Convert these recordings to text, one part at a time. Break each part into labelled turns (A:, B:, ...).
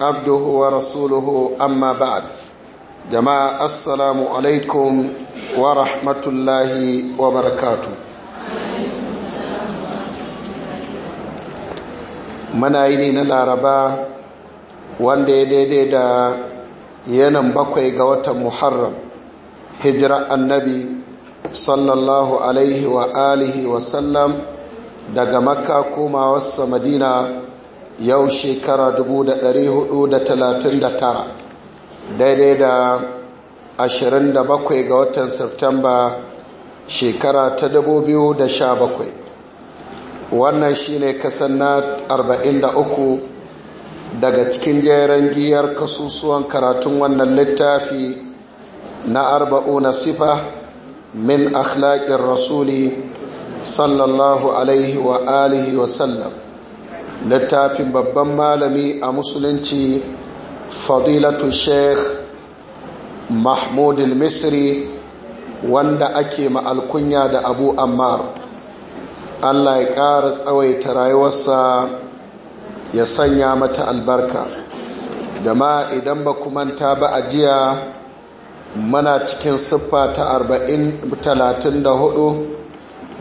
A: عبده ورسوله أما بعد جماعة السلام عليكم ورحمة الله وبركاته mana yini na laraba wanda ya daidai da yanan bakwai ga watan muharram hijira annabi sallallahu alaihi wa alihi wa daga makka komawarsa madina yau shekara 439 daidai da 27 ga watan Septemba shekara ta 2017 wannan ne kasan na 43 daga cikin jeren giyar kasusuwan karatun wannan littafi na na sifa min akhlaƙin rasuli sallallahu alaihi wa alihi wa sallam littafin babban malami a musulunci fadilatu sheikh mahmudin misri wanda ake ma'alkunya da abu ammar allah ya ƙara tsawaita rayuwarsa ya sanya mata albarka jama'a idan ba manta ba a jiya mana cikin siffa ta 34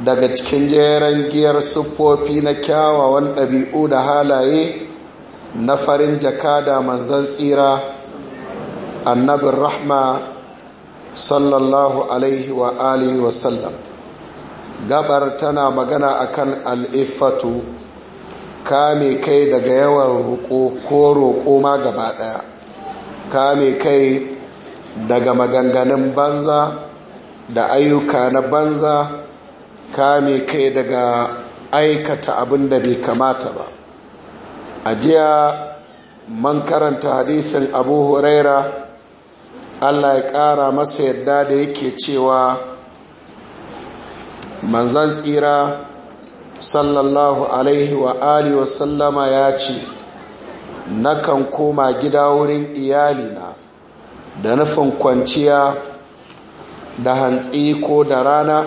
A: daga cikin jeren giyar siffofi na kyawawan ɗabi'u da halaye na farin jakada manzan tsira annabin rahma sallallahu alaihi wa alihi sallam gabar tana magana akan al'ifatu kame kai daga yawan roƙo ko roƙo ma gaba ɗaya kame kai daga maganganun banza da ayyuka na banza kame kai daga aikata abin da bai kamata ba a jiya man karanta hadisin abu huraira allah ya kara masa yadda da yake cewa manzan tsira sallallahu alaihi wa alihi wasallama ya ce nakan koma gida wurin iyalina da nufin kwanciya da hantsi ko da rana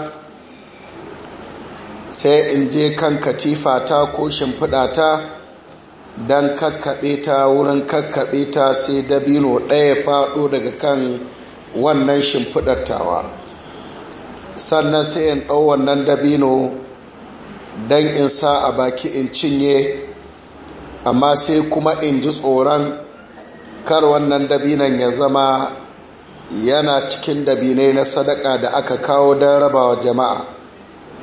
A: sai in je kan katifa ta ko shimfiɗa ta don kakkaɓe ta wurin kakkaɓe ta sai dabino ɗaya faɗo daga kan wannan shimfiɗattawa sannan sai in ɗau wannan dabino don in sa a baki in cinye amma sai kuma in ji tsoron kar wannan dabinan ya zama yana cikin dabinai na sadaka da aka kawo don rabawa jama'a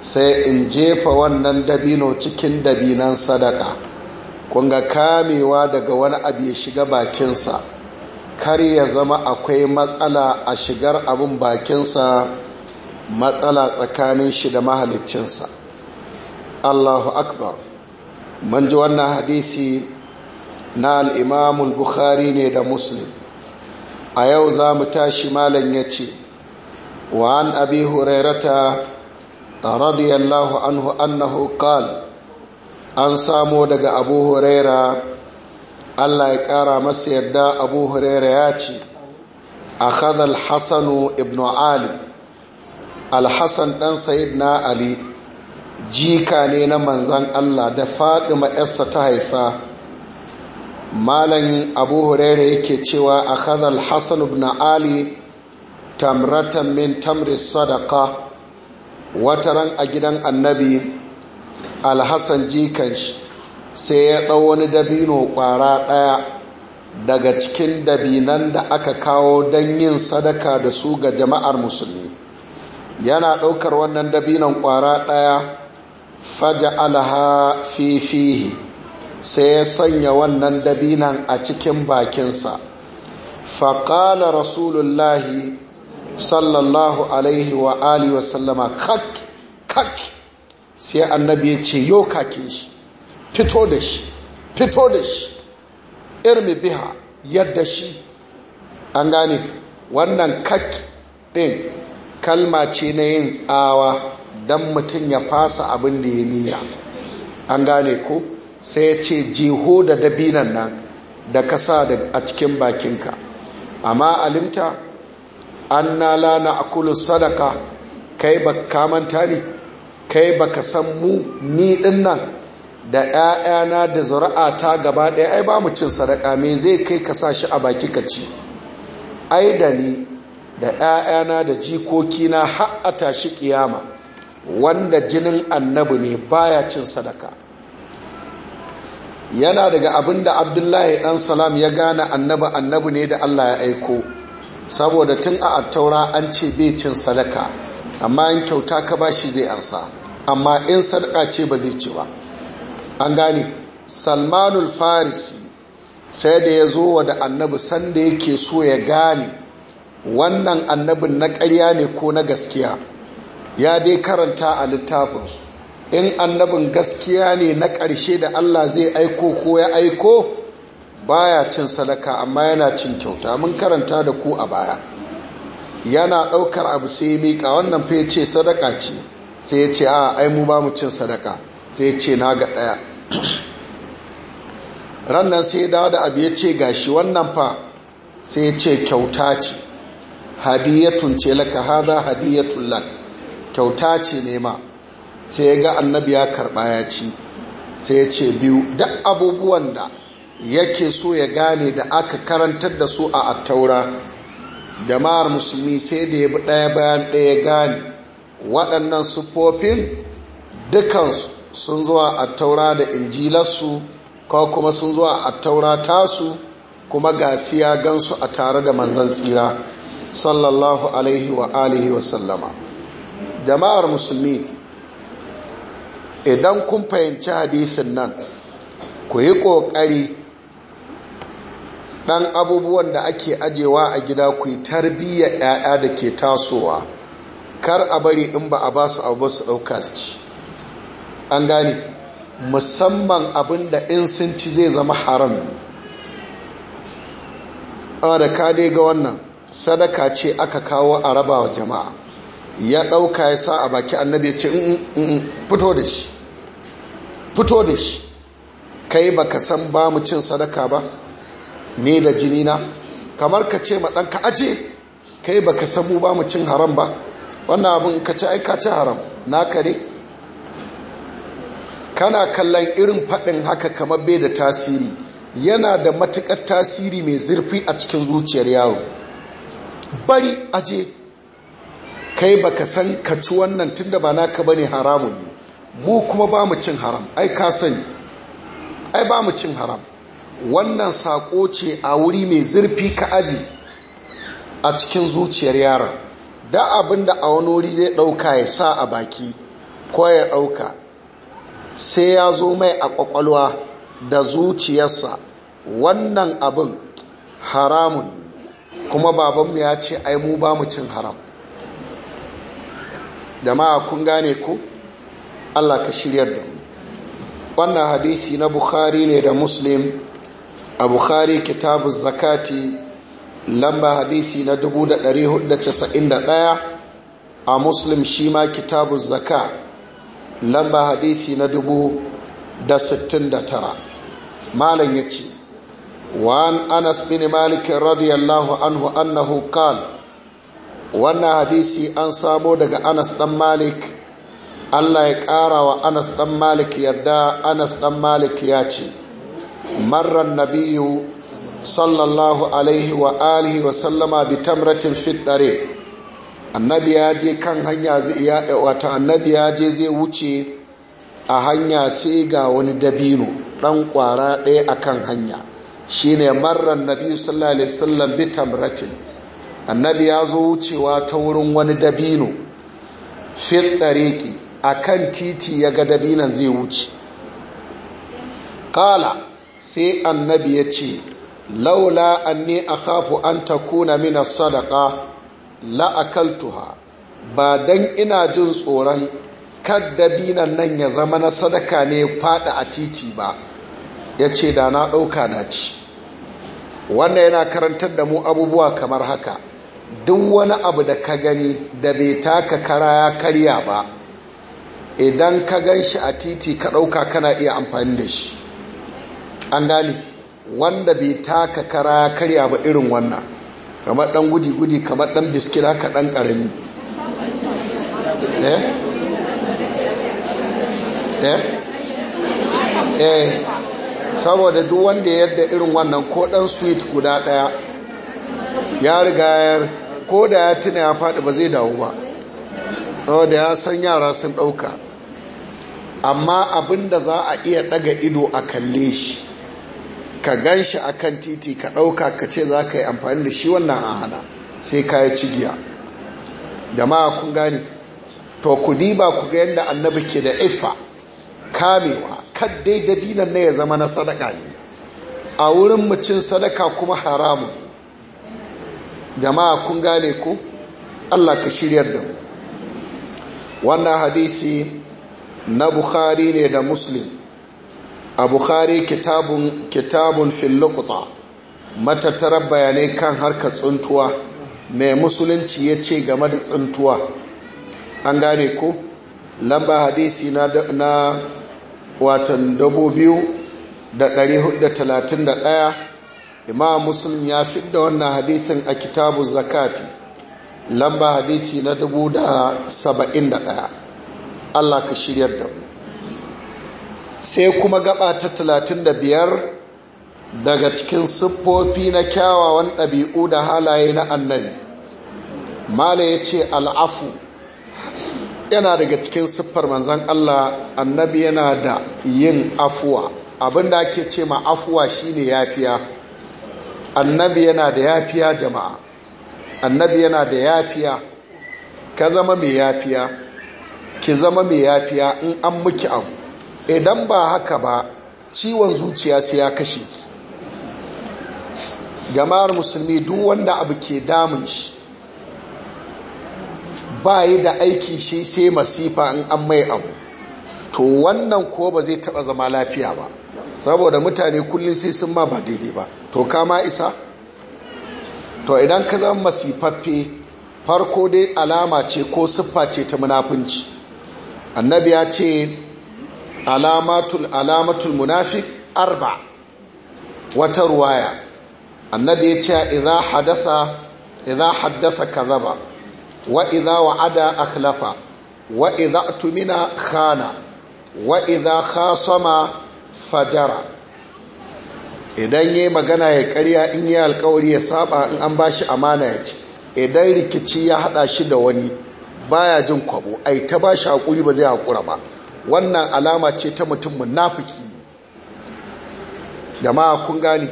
A: sai in jefa wannan dabino cikin dabinan sadaka kunga kamewa daga wani abu ya shiga bakinsa kar ya zama akwai matsala a shigar abin bakinsa matsala tsakanin shi da mahaliccinsa allahu akbar mun ji wannan hadisi na al'imamun bukhari ne da muslim a yau za mu tashi malam ya ce wa an abi hurairata radiyallahu anhu annahu an samo daga abu huraira Allah ya kara masa yadda abu huraira ya ce akhadha al-hasan ibn ali al-hasan dan sayyidina ali jika ne na manzan Allah da fatima yarsa ta haifa malan abu huraira yake cewa akhadha al-hasan ibn ali tamratan min tamri sadaka. Wata ran a gidan annabi alhassan jikan sai ya ɗau wani dabino ƙwara ɗaya daga cikin dabinan da aka kawo don yin sadaka da su ga jama'ar musulmi yana ɗaukar wannan dabinan ƙwara ɗaya faja alha fifihi sai ya sanya wannan dabinan a cikin bakinsa faƙala rasulullahi sallallahu alaihi wa alihi wa sallama kak kak sai annabi ya ce yo kakin shi fito da shi fito da shi irmi biha yadda shi an gane wannan kak din kalma ce na yin tsawa don mutum ya fasa abin da ya niyya an gane ko sai ya ce jeho da dabinan nan da kasa a cikin bakinka amma alimta an anna a kulun sadaka kai ba kamanta ne kai baka san mu ni din nan da 'ya'yana da zuri'a ta gaba ɗaya ai ba mu cin sadaka me zai kai ka sa shi a baki ka ci ai da ni da 'ya'yana da jikokina har a tashi kiyama wanda jinin annabi ne baya cin sadaka yana daga abinda abdullahi dan salam ya gane annabi annabi ne da allah ya aiko saboda tun a attaura an ce bai cin sadaka amma in kyauta ka bashi zai ansa amma in sadaka ce ba zai ci ba an gane salmanul farisi sai da ya zo wa da annabi sanda yake so ya gane wannan annabin na ƙarya ne ko na gaskiya ya dai karanta a littafinsu in annabin gaskiya ne na ƙarshe da allah zai aiko ko ya aiko baya cin sadaka amma yana cin kyauta mun karanta da ku a baya yana ɗaukar abu sai ya miƙa wannan fa ya ce sadaka ce sai ya ce a ai mu ba mu cin sadaka sai ya ce na ga ɗaya rannan sai ya dawo da abu ya ce gashi wannan fa sai ya ce kyauta ce hadiyatun ce laka haza hadiyatun lak kyauta ce ne ma sai ya ga annabi ya karba ya ci sai ya ce biyu duk abubuwan da yake so ya gane da aka karantar da su a attaura jama'ar musulmi sai da ya bi ɗaya bayan ɗaya gane waɗannan siffofin dukansu sun zuwa attaura da injilarsu ko kuma sun zuwa attaura tasu kuma ga siya gansu a tare da manzan tsira sallallahu alaihi wa alihi wa sallama jama'ar musulmi idan kun fahimci hadisin nan ku yi ƙoƙari ɗan abubuwan da ake ajewa a gida ku tarbiyya tarbiyyar 'ya'ya da ke tasowa kar a bari in ba a ba su abu su ɗauka su ci an gane musamman abin da in sun ci zai zama haram a ah, da ka dai ga wannan sadaka ce aka kawo a raba wa jama'a ya ɗauka ya sa a baki annabi ce mm, mm, mm, fito da shi fito da shi kai baka san ba mu cin sadaka ba ne da jini na kamar ka ce ma ɗanka aje kai ba ka samu ba mu cin haram ba wannan abin ka ci aika ci haram Na kare. kana kallon irin faɗin haka kamar bai da tasiri yana da matuƙar tasiri mai zurfi a cikin zuciyar yaro bari aje kai baka san ka ci wannan tunda ba naka bane haramun mu kuma ba mu cin haram ai ka sani ai ba mu cin haram wannan saƙo ce a wuri mai zurfi ka aji a cikin zuciyar yaron da abin da a wani wuri zai ɗauka ya sa a baki ko ya ɗauka sai ya zo mai a ƙwaƙwalwa da zuciyarsa wannan abin haramun kuma babanmu ya ce ai mu ba mu cin haram jama'a kun gane ku allah ka shiryar da mu wannan hadisi na bukhari ne da muslim a Bukhari kitabun zakati lamba hadisi na 491 a muslim shi ma kitabun zaka lamba hadisi na tara. malin ya ce wa'an anas bin malikin radiyallahu anhu annahu kal wannan hadisi an samo daga anas dan malik Allah ya ƙara wa anas dan malik yadda anas dan malik ya ce مر النبي صلى الله عليه وآله وسلم بتمرة في الطريق annabi ya je kan hanya zai ya wata annabi ya je zai wuce a hanya sai ga wani dabino dan kwara ɗaya akan hanya shine marran nabi sallallahu alaihi wasallam bi tamratin annabi ya zo wucewa ta wurin wani dabino fit a akan titi ya ga dabinan zai wuce kala sai annabi ya ce laula anni akhafu an takuna min as-sadaqa la akaltuha ba dan ina jin tsoron kaddabinan nan ya zama na sadaka ne fada a titi ba yace da na dauka na ci wannan yana karantar da mu abubuwa kamar haka duk wani abu da ka gani da bai taka kara ya karya ba idan ka gan shi a titi ka ɗauka kana iya amfani da shi an gane wanda bai taka kara karya ba irin wannan kamar dan gudi-gudi kamar dan biskila ka dan karami eh? Eh? eh saboda duk wanda yadda irin wannan ko dan sweet guda daya ya riga ko da ya tuna ya faɗi ba zai dawo ba saboda ya san yara sun ɗauka amma abinda za a iya ɗaga ido a kalle shi ka gan shi a kan titi ka ɗauka ka ce za ka yi amfani da shi wannan a hana sai ka yi cigiya jama'a kun gane to ku diba ku ga yadda annabi ke da ifa kamewa kad dai dabinan na ya zama na sadaka ne a wurin mucin sadaka kuma haramun jama'a kun gane ku allah ka shiryar da mu wannan hadisi na bukhari ne da muslim a bukhari kitabun filokuta matattara bayanai kan harka tsuntuwa mai musulunci ya ce game da tsuntuwa an gane ku lamba hadisi na, watan ɗaya imam musulun ya fidda wannan hadisin a kitabun zakati lamba hadisi na daya Allah ka shiryar da mu sai kuma gaba ta biyar daga cikin siffofi na kyawawan ɗabi'u da halaye na annabi mala ya ce al'afu yana daga cikin siffar manzan Allah annabi yana da yin afuwa abinda ake ce ma afuwa shine yafiya annabi yana da yafiya jama'a annabi yana da yafiya ka zama mai yafiya ki zama mai yafiya in an muki abu idan ba haka ba ciwon zuciya sai ya kashe jama'ar musulmi duk wanda abu ke damun shi ba yi da aiki shi sai masifa in an mai abu to wannan ko ba zai taba zama lafiya ba saboda mutane kullum sai sun ma ba daidai ba to kama isa to idan ka zama masifaffe farko dai alama ce ko siffa ce ta munafunci annabi ya ce alamatul alamatul munafiq arba wata ruwaya annabi ya ce idza haddasa kazaba wa idza wa'ada akhlafa wa idza tumina khana wa idza khasama fajara idan yayi magana ya karya in yi alkawari ya saba in an bashi amana ya ci idan rikici ya hada shi da wani baya jin kwabo ai ta bashi hakuri ba zai hakura ba wannan alama ce ta mutum munafiki ma kun gani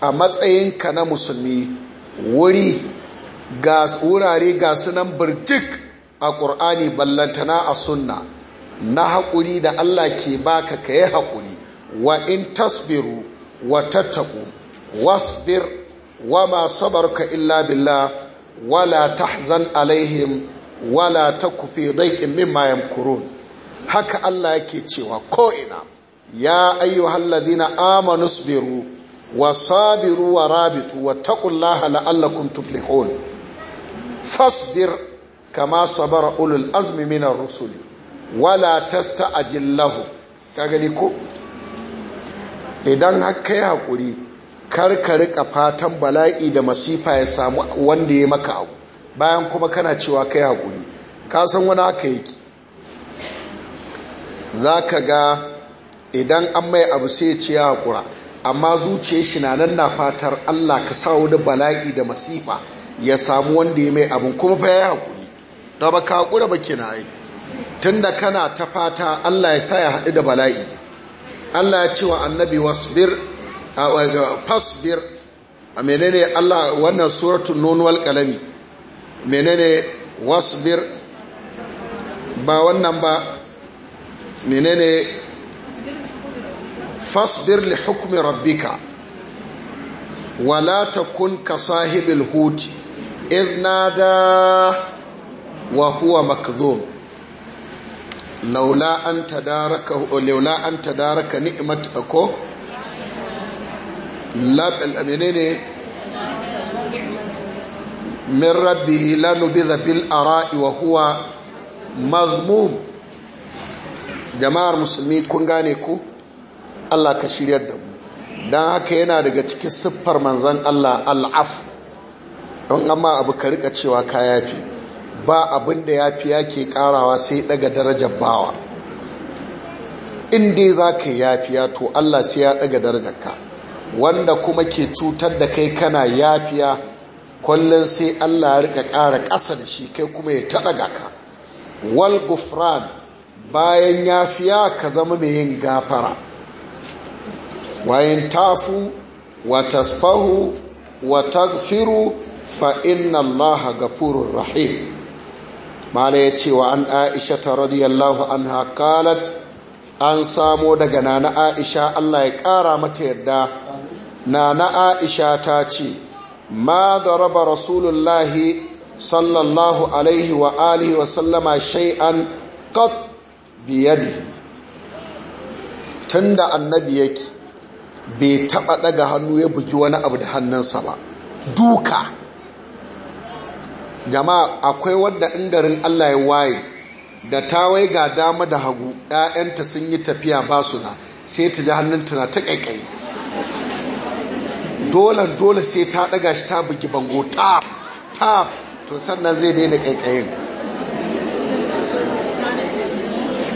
A: a matsayin ka na musulmi wuri wurare ga sunan birjik a ƙur'ani ballantana a sunna na haƙuri da Allah ke baka ka yi haƙuri wa in tasbiru wa tattaku wasbir wa ma sabarka illa billa wala tahzan alaihim wala taku fi daikin mimma yamkurun haka Allah yake cewa ko'ina ya ayyuhal ladina amanu sabiru wa sabiru wa rabitu wa taqullaha la'allakum tuflihun fasbir kama sabara ulul azmi minar rusul wala tasta'jil lahu ka gani ko idan haka ya hakuri ka rika fatan bala'i da masifa ya samu wanda ya maka abu bayan kuma kana cewa kai haƙuri. ka san wani haka yake za ka ga idan an mai abu sai ce ya haƙura amma zuciya shi na nan na fatar allah ka sa wani bala'i da masifa ya samu wanda ya mai abin kuma fa ya haƙuri da ba ka haƙura ba kina yi tun da kana ta fata allah ya sa ya haɗu da bala'i allah ya ce wa annabi wasbir fasbir a menene allah wannan suratun nonuwal kalami menene wasbir ba wannan ba menene fasbir li hukmi rabbika wala takun ka sahibil huti idh nada wa huwa makdhum laula an tadaraka laula an tadaraka ni'mat ako lab al menene min rabbihi lanubidha bil ara'i wa huwa madhmum jama'ar musulmi kun gane ku Allah ka shiryar da mu don haka yana daga cikin siffar manzan Allah al'af don amma abu ka rika cewa ka yafi ba abin da yafi yake karawa sai daga darajar bawa inda dai za ka yafiya to Allah sai ya daga darajar ka wanda kuma ke cutar da kai kana yafiya kullum sai Allah ya rika kara ƙasa da shi kai kuma ya taɗa ka wal gufran bayan ya siya ka zama mai yin gafara wayan tafu wa tasfahu wa tagfiru fa inna allaha gafurur rahim mala ya ce wa an aisha ta radiyallahu anha an samo daga nana aisha Allah ya kara mata yadda nana aisha ta ce ma da raba rasulullahi sallallahu alaihi wa alihi wa sallama shay'an tun da annabi yake bai taba daga hannu ya buki wani abu da hannunsa ba duka jama'a akwai wadda ingarin Allah ya waye da ta wai ga dama da hagu 'ya'yanta sun yi tafiya ba su na sai ta ji hannunta na ta ƙaiƙayi dole dole sai ta ɗaga shi ta bugi bango ta ta to sannan zai daina ƙaiƙayin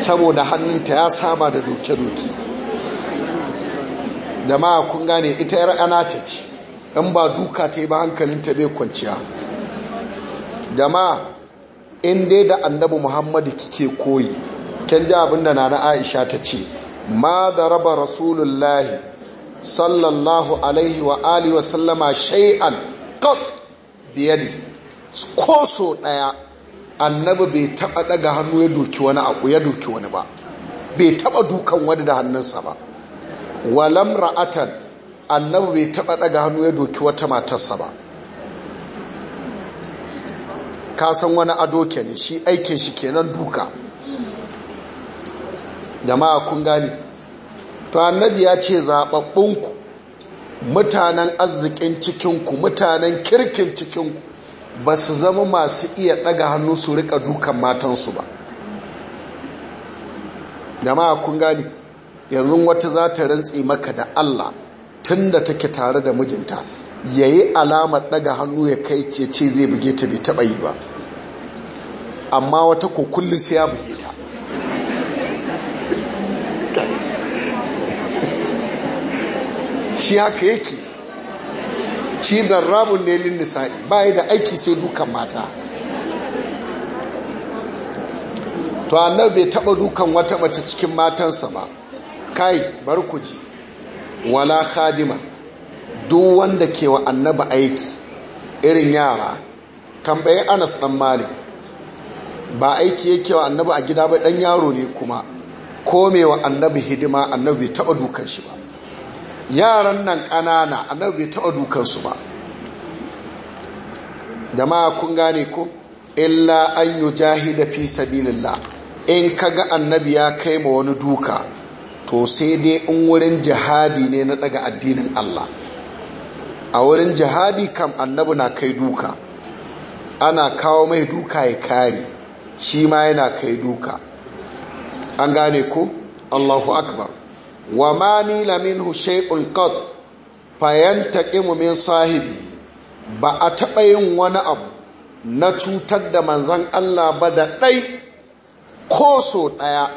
A: saboda hannunta ya saba da doke-doke da ma kun gane ita yar ta ce in ba duka ta yi ba ta bai kwanciya da ma in dai da annabi muhammadu kike koyi kyan ji abinda na na aisha ta ce ma da raba rasulullahi sallallahu alaihi wa alihi wasallama shay'an kan biyadi ko so daya annabi bai taba daga hannu ya doki wani abu ya doki wani ba bai taba dukan wani da hannunsa ba walam ra'atan annabi bai taba daga hannu ya doki wata matarsa ba ka san wani ado kenan shi aikin shi kenan duka jama'a kun gane to annabi ya ce zababbunku mutanen arzikin cikinku mutanen kirkin cikinku ba su zama masu iya daga hannu su rika dukan matansu ba jama'a kun gani yanzu wata za ta rantsi maka da allah tun da take tare da mijinta ya yi alamar daga hannu ya kai ce zai buge ta bai taba yi ba amma wata ko kullum sai ya buge ta shi haka yake shi zarrabun ne lin nisa'i ba da aiki sai dukan mata to annabi bai taba dukan wata mace cikin matansa ba kai bar ku ji wala khadima duk wanda ke wa annabi aiki irin yara tambaye Anas dan Malik ba aiki yake wa annabi a gida ba dan yaro ne kuma ko wa annabi hidima annabi bai taba dukan shi ba yaran nan ƙanana annabi bai taɓa dukansu ba jama'a kun gane ko illa an yi jahida fi sabilillah in ka ga annabi ya kai ma wani duka to sai dai in wurin jihadi ne na daga addinin Allah a wurin jihadi kam annabi na kai duka ana kawo mai duka ya kare shi ma yana kai duka an gane ko Allahu akbar wa ma hushe minhu shay'un qad fayantaqimu min sahibi ba a taɓa yin wani abu na cutar da manzan Allah ba da ɗai ko so ɗaya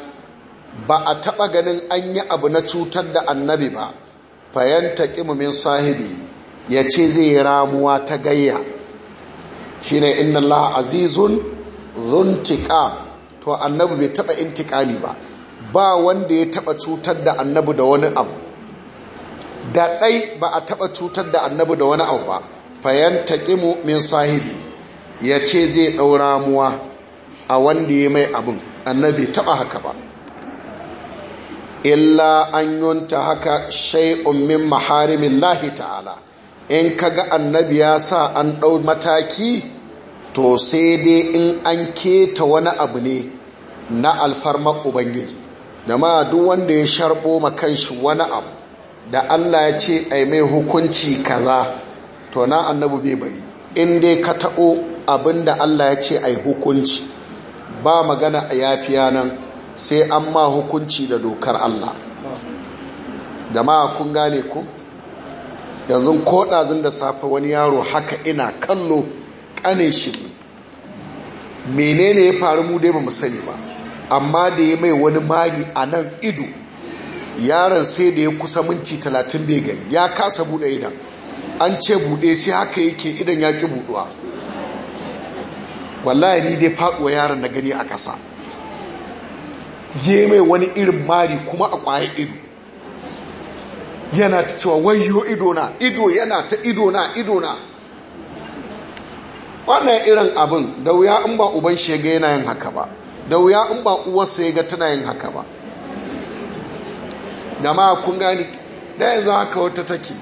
A: ba a taɓa ganin an yi abu na cutar da annabi ba fayantaqimu min sahibi ya ce zai ramuwa ta gayya shine inna Allah azizun to annabi bai taɓa intiqami ba ba wanda ya taba cutar da annabu da wani abu da ɗai ba a taba cutar da annabu da wani abu ba Fayanta taƙimu min sahibi ya ce zai ɗaura muwa a wanda ya mai abin annabi taba haka ba illa an yunta haka shay'un min maharimin lahi ta'ala in ka ga annabi ya sa an ɗau mataki to sai dai in an keta wani abu ne na alfarmar ubangiji da ma duk wanda ya sharɓo makanshi wani abu da Allah ya ce ai mai hukunci kaza to na annabu bai bari in dai ka taɓo abin da Allah ya ce ai hukunci ba magana a yafiya nan sai an ma hukunci da dokar Allah da ma kun gane ku yanzu ko ɗazun da safe wani yaro haka ina kallo ƙane shi menene ya faru mu dai ba mu sani ba amma da ya mai wani mari a nan ido yaron sai da ya kusa minti talatin bai gani ya kasa buɗe idan an ce buɗe sai haka yake idan ya ki buɗuwa wallahi ni dai faɗuwa yaron na gani a kasa ya mai wani irin mari kuma a kwaye ido yana ta cewa wayo idona ido yana ta idona idona wannan irin abin da wuya in ba uban shege yana yin haka ba da wuya in ba uwarsa ya ga tana yin haka ba jama'a kun gani da yanzu haka wata take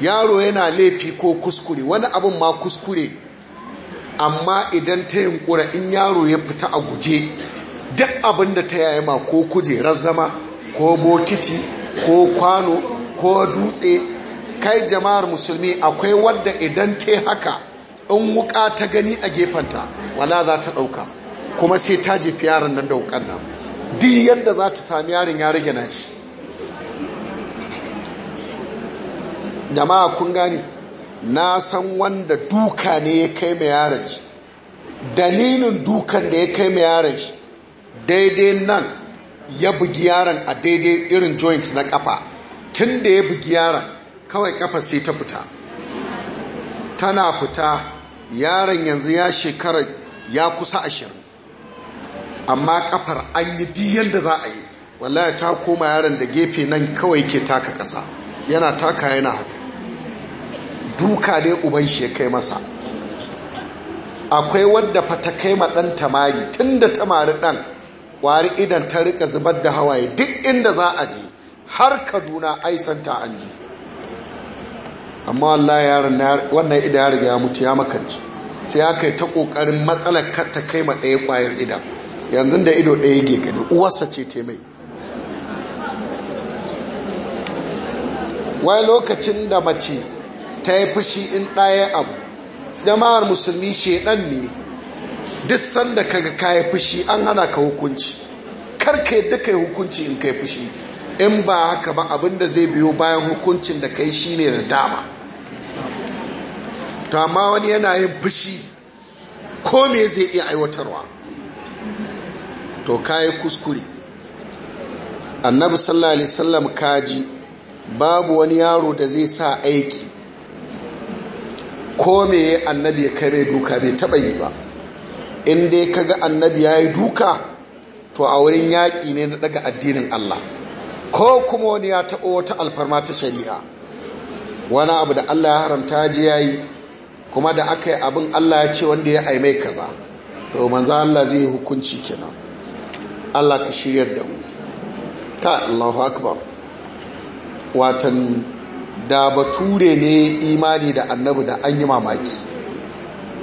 A: yaro yana laifi ko kuskure wani abin ma kuskure amma idan ta yunkura in yaro ya fita a guje duk abin da ta yaya ma ko kujerar zama ko bokiti ko kwano ko dutse kai jama'ar musulmi akwai wadda idan ta yi haka in wuka ta gani a gefanta wala za ta ɗauka kuma sai ta jefi yaron nan da wukan nan duk yadda za ta sami yaron ya rage nashi jama'a kun gane na san wanda duka ne ya kai mai yaron shi dalilin dukan da ya kai mai yaran shi daidai nan ya bugi yaron a daidai irin joint na kafa tun da ya bugi yaron kawai kafa sai ta fita tana fita yaron yanzu ya shekara ya kusa ashirin amma kafar an yi diyan da za a yi wallahi ta koma yaron da gefe nan kawai ke taka kasa yana taka yana haka duka ne uban shi ya kai masa akwai wadda fata kai ma tamari tun da tamari ɗan wari idan ta rika zubar da hawaye duk inda za a je har kaduna aisanta an ji amma wallahi yaron wannan idan ya riga ya mutu ya makanci sai ya kai ta ƙoƙarin matsalar ta kai ma ɗaya ƙwayar idan yanzu da ido ɗaya yake gani uwarsa ce te mai wai lokacin da mace ta yi fushi in ɗaya abu jama'ar musulmi shedan ne duk sanda kaga kayi fushi an hana ka hukunci karka yadda yi hukunci in kai fushi in ba haka ba abinda zai biyo bayan hukuncin da shi ne da dama to amma wani yana yin fushi ko me zai iya aiwatarwa to kayi kuskure annabi sallallahu alaihi wasallam kaji babu wani yaro da zai sa aiki ko me annabi ya kare duka bai taba yi ba in dai kaga annabi yayi duka to a wurin yaki ne na daga addinin Allah ko kuma wani ya taɓa wata alfarma ta shari'a wani abu da Allah ya haramta ji yayi kuma da aka yi abin Allah ya ce wanda ya aimai kaza to manzo Allah zai hukunci kenan Allah ka shiryar da mu ka Allahu akbar watan da bature ne imani da annabi da an yi mamaki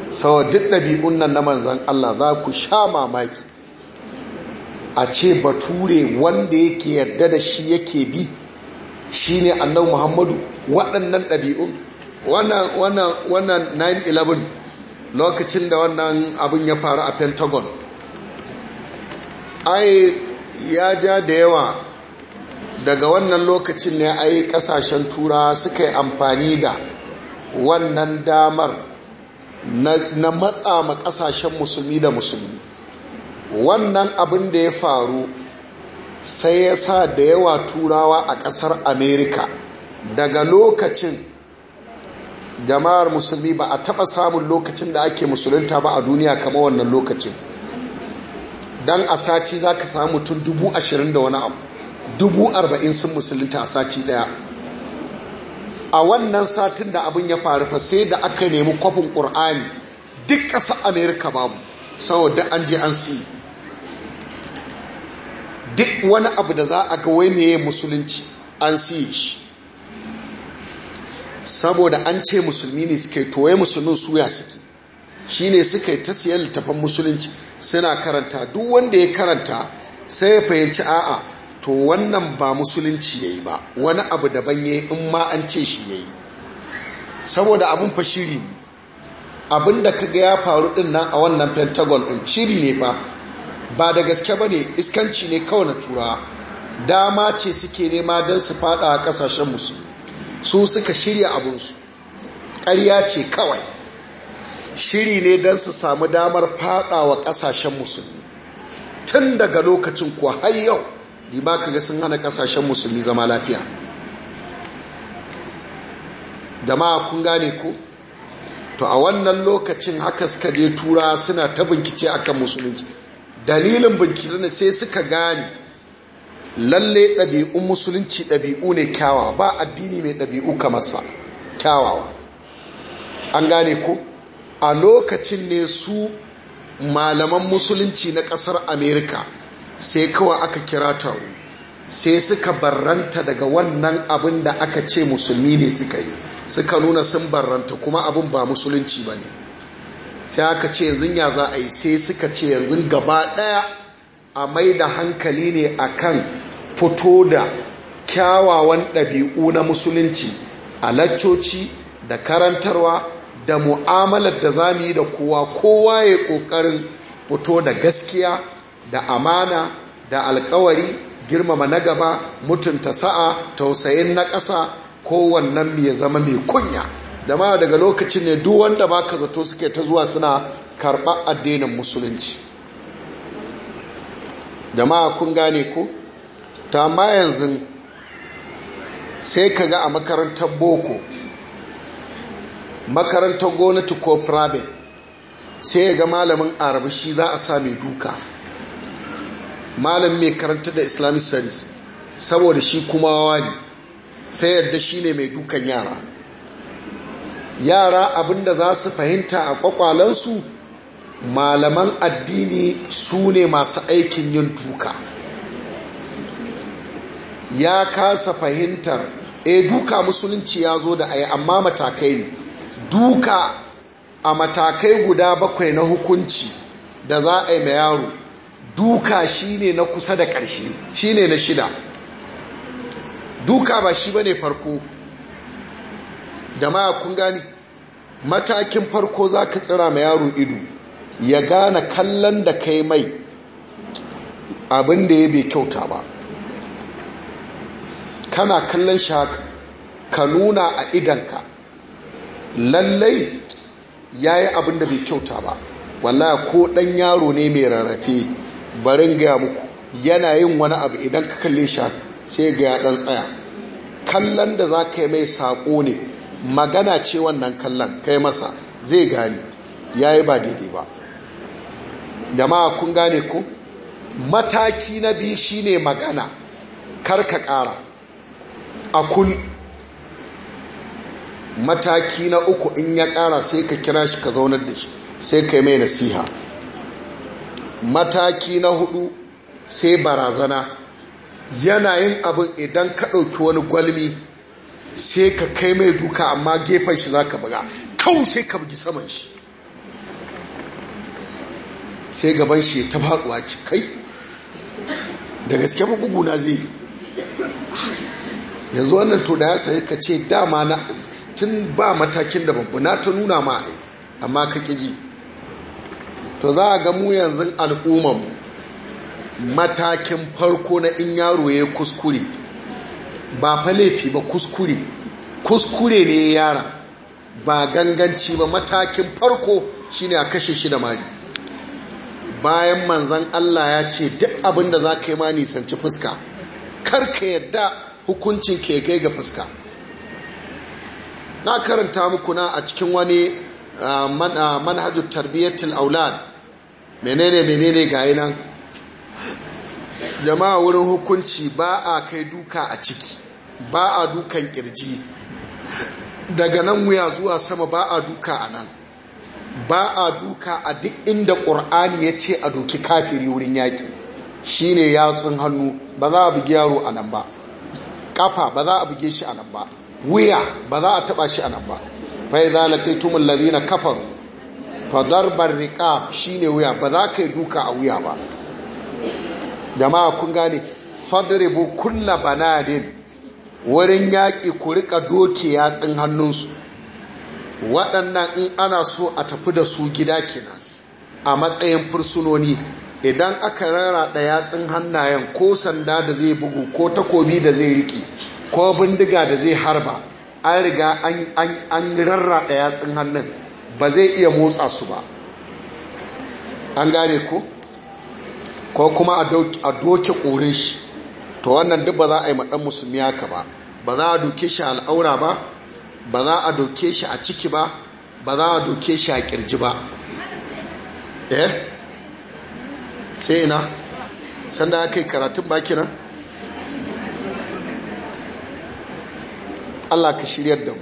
A: sau duk ɗabi'un nan na manzan Allah za ku sha mamaki a ce bature wanda yake yarda da shi yake bi shi ne annabi muhammadu waɗannan ɗabi'un wannan 9-11 lokacin da wannan abin ya faru a pentagon ai ya ja da yawa daga wannan lokacin ne ai kasashen tura suka yi amfani da wannan damar na matsa ma kasashen musulmi da musulmi wannan abin da ya faru sai ya sa da yawa turawa a kasar america daga lokacin jama'ar musulmi ba a taba samun lokacin da ake musulunta ba a duniya kama wannan lokacin dan a sati za ka samu mutum dubu ashirin da wani abu dubu arba'in sun musulunta a sati daya a wannan satin da abin ya faru fa sai da aka nemi kwafin ƙur'ani duk ƙasa amerika babu saboda an je an si duk wani abu da za a ga wai ne musulunci an si shi saboda an ce musulmi ne suka yi toye musulmin suya suke shi ne suka yi ta siyar littafan musulunci suna karanta duk wanda ya karanta sai ya fahimci a'a to wannan ba musulunci yayi ba wani abu daban yi in ma an ce shi ya yi saboda abin fa shiri abin da kaga ya faru din nan a wannan pentagon din shiri ne fa ba da gaske ba ne iskanci ne kawai na turawa dama ce suke nema don su fada a kasashen musu su suka shirya abinsu karya ce kawai shiri ne don su samu damar fadawa kasashen musulmi tun daga lokacin kuwa har yau ba ka ga sun hana kasashen musulmi zama lafiya jama'a kun gane ku to a wannan lokacin haka suka je tura suna ta bincike akan musulunci dalilin bincike ne sai suka gane lalle ɗabi'un musulunci ɗabi'u ne kyawawa ba addini mai ɗabi'u kamar sa kyawawa an gane ku a lokacin ne su malaman musulunci na ƙasar amerika sai kawai aka kira taro sai suka barranta daga wannan abin da aka ce musulmi ne suka yi suka nuna sun barranta kuma abin ba musulunci ba ne sai aka ce yanzu ya za a yi sai suka ce yanzu gaba ɗaya a mai da hankali ne a kan fito da kyawawan ɗabi'u na musulunci a laccoci da karantarwa da mu'amalar da za mu yi da kowa kowa ya ƙoƙarin fito da gaskiya da amana da alkawari girmama na gaba mutunta sa'a tausayin na ƙasa kowannan mai zama mai kunya da ma daga lokacin ne duk wanda ba ka zato suke ta zuwa suna karɓar addinin musulunci jama'a kun gane ku. ta ma yanzu sai ka ga a makarantar boko makarantar gwamnati ko private sai ga malamin arabu shi za a sa mai duka malam mai karanta da islamic studies saboda shi kuma wani sai yadda shi ne mai dukan yara yara abinda za su fahimta a kwakwalansu malaman addini su ne masu aikin yin duka ya kasa fahimtar e duka musulunci ya zo da ayi amma matakai ne duka a matakai guda bakwai na hukunci da za a yi ma yaro duka shine na kusa da ƙarshe shine na shida duka ba shi ba ne farko Da ma kun gani matakin farko za ka tsira ma yaro ido ya gane kallon da kai mai abin da ya bai kyauta ba kana kallon shi ka nuna a idanka lallai ya yi abin da bai kyauta ba walla ko ɗan yaro ne mai rarrafe barin gaya muku yana yin wani abu idan ka kalle shi sai ga ya ɗan tsaya kallon da za ka yi mai saƙo ne magana ce wannan kallon kai masa zai gane ya yi ba daidai ba jama'a kun gane ku mataki na biyu shine magana Kar ka ƙara a kun mataki na uku in ya kara sai ka kira shi ka zaunar da shi sai ka mai nasiha mataki na hudu sai barazana yanayin abin idan ka ɗauki wani gwalmi sai ka kai mai duka amma gefen shi za ka buga kawo sai ka bugi saman shi sai gaban shi ta faɗuwa ci kai da gaske ba buguna zai yanzu wannan to da ya sai ka ce dama na tun ba matakin da babu na ta nuna ma ai amma ka ji to za a ga mu yanzu al'ummar matakin farko na in yaro ya kuskure ba fa laifi ba kuskure kuskure ne ya yara ba ganganci ba matakin farko shine a kashe shi da mari bayan manzan Allah ya ce duk abinda za ka yi ma nisanci fuska kar ka yadda hukuncin ke gai ga fuska na karanta muku na a cikin wani manhajar tarbiyyatul aulad menene menene gayi nan jama'a wurin hukunci ba a kai duka a ciki ba a dukan kirji daga nan wuya zuwa sama ba a duka a nan ba a duka a duk inda ƙur'ani ya ce a doki kafiri wurin yaƙi Shi shine yatsun hannu ba za a bugi yaro a nan ba ƙafa ba za a buge shi a nan ba wuya ba za a taba shi a nan ba kai idza lari na kafar fadar darbar shi ne wuya ba za ka yi duka a wuya ba jama'a kun gane Fadar fadribu kulla banadin wurin yaƙi ku rika doke yatsun hannunsu waɗannan in ana so a tafi da su gida kenan a matsayin fursunoni idan aka rara da yatsun hannayen ko sanda da zai bugu ko takobi da zai riƙe ko bindiga da zai harba an riga an rarraɗa yatsun hannun ba zai iya motsa su ba an gane ko ko kuma a doke ƙorin shi to wannan duk ba za a yi maɗan musulmi haka ba ba za a doke shi al'aura ba ba za a doke shi a ciki ba ba za a doke shi a ƙirji ba eh sai ina sanda aka yi karatun ba nan Allah ka shiryar da mu